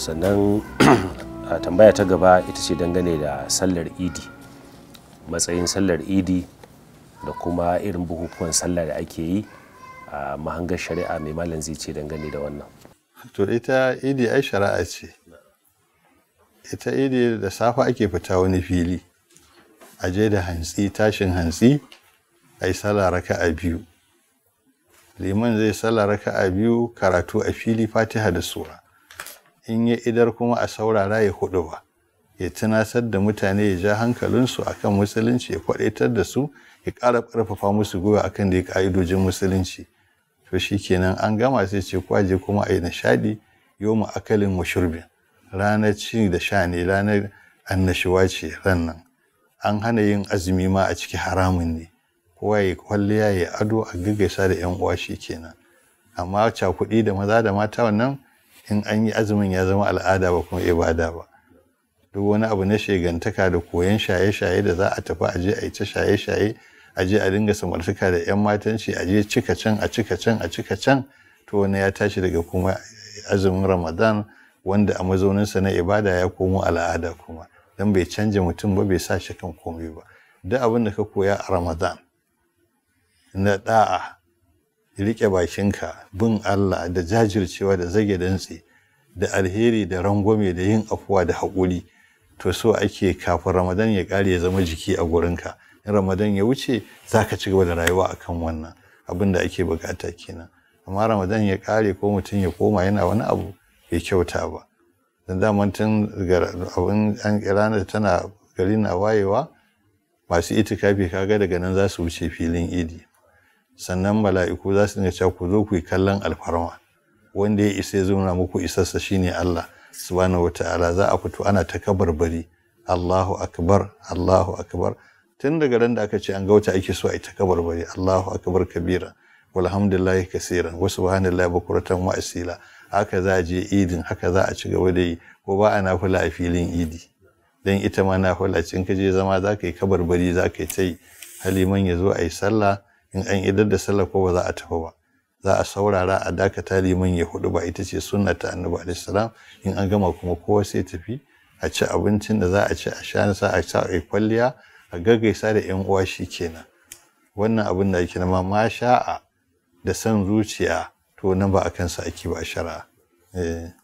sannan a tambaya ta gaba ita ce dangane da sallar idi matsayin sallar idi da kuma irin bukukuwan sallar da ake yi a mahangar shari'a mai malam zai ce dangane da wannan to ita idi ai shari'a ce ita idi da safa ake fita wani fili a je da hantsi tashin hantsi a yi raka a biyu liman zai raka a biyu karatu a fili fatiha da sura in ya idar kuma a saurara ya hudu ba ya tunasar da mutane ya ja hankalinsu a kan musulunci ya kwadaitar da su ya ƙara ƙarfafa musu gwiwa akan da ya ƙa'idojin musulunci to shi kenan an gama sai ce kwaje kuma a yi nishaɗi yau mu akalin mu shurbin ranar ci da sha ne ranar annashuwa ce ran nan an hana yin azumi ma a ciki haramun ne kowa ya kwalliya ya ado a gaggaisa da yan uwa shi kenan amma cakuɗi da maza da mata wannan in an yi azumin ya zama al'ada ba kuma ibada ba duk wani abu na shegantaka da koyon shaye-shaye da za a tafi a je a yi ta shaye-shaye a je a dinga samartaka da 'yan matanci a je cika can a cika can a cika can to wani ya tashi daga kuma azumin ramadan wanda a mazauninsa na ibada ya komo al'ada kuma don bai canja mutum ba bai sa shi kan komai ba duk abin da ka koya a ramadan na da'a riƙe bakinka bin Allah da jajircewa da zage dantse da alheri da rangwame da yin afuwa da hakuri. to so ake kafin ramadan ya ƙare ya zama jiki a gurinka in ramadan ya wuce za ka ci gaba da rayuwa akan wannan abin da ake bukata kenan amma ramadan ya kare ko mutum ya koma yana wani abu bai kyauta ba don daman tun abin an ranar tana gari na wayewa masu itikafi kaga daga nan za su wuce filin idi sannan mala'iku za su dinga ku zo ku yi kallon alfarma wanda ya isa ya zauna muku isarsa shine Allah subhanahu wata'ala za a fito ana ta kabarbari Allahu akbar Allahu akbar tun daga ran da aka ce an gauta ake so a ta kabarbari Allahu akbar kabira walhamdulillahi kaseeran wa subhanallahi bukuratan wa asila haka za a je idin haka za a ci gaba da yi ko ba a nafila a filin idi dan ita ma nafila cin ka je zama za ka yi kabarbari za ka yi ta yi haliman ya zo a yi sallah in an idar da sallar ko ba za a tafi ba za a saurara a dakata liman ya hudu ba ita ce sunna ta annabi alaihi salam in an gama kuma kowa sai tafi a ci abincin da za a ci a sha sa a sa a kwalliya a gaggaisa da yan uwa shi kenan wannan abin da yake nema ma sha'a da san zuciya to nan ba a kansa ake ba a shari'a eh.